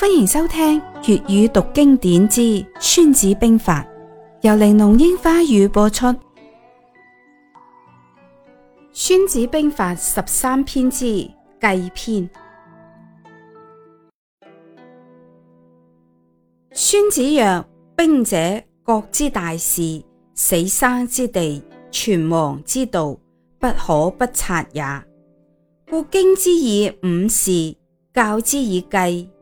歡迎收聽粵語讀經典之《孫子兵法》，由玲瓏櫻花語播出。《孫子兵法》十三篇之計篇。孫子曰：兵者，國之大事，死生之地，存亡之道，不可不察也。故經之以五事，校之以計。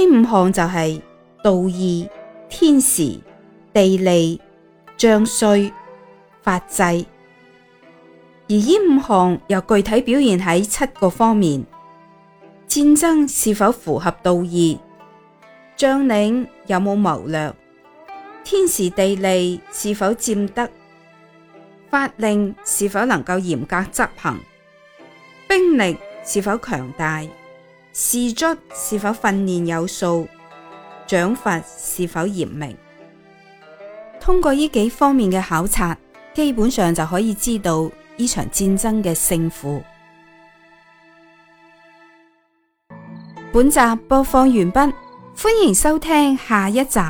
呢五項就係道義、天時、地利、將帥、法制，而呢五項又具體表現喺七個方面：戰爭是否符合道義？將領有冇謀略？天時地利是否占得？法令是否能夠嚴格執行？兵力是否強大？士卒是否訓練有素，獎罰是否嚴明？通過呢幾方面嘅考察，基本上就可以知道呢場戰爭嘅勝負。本集播放完畢，歡迎收聽下一集。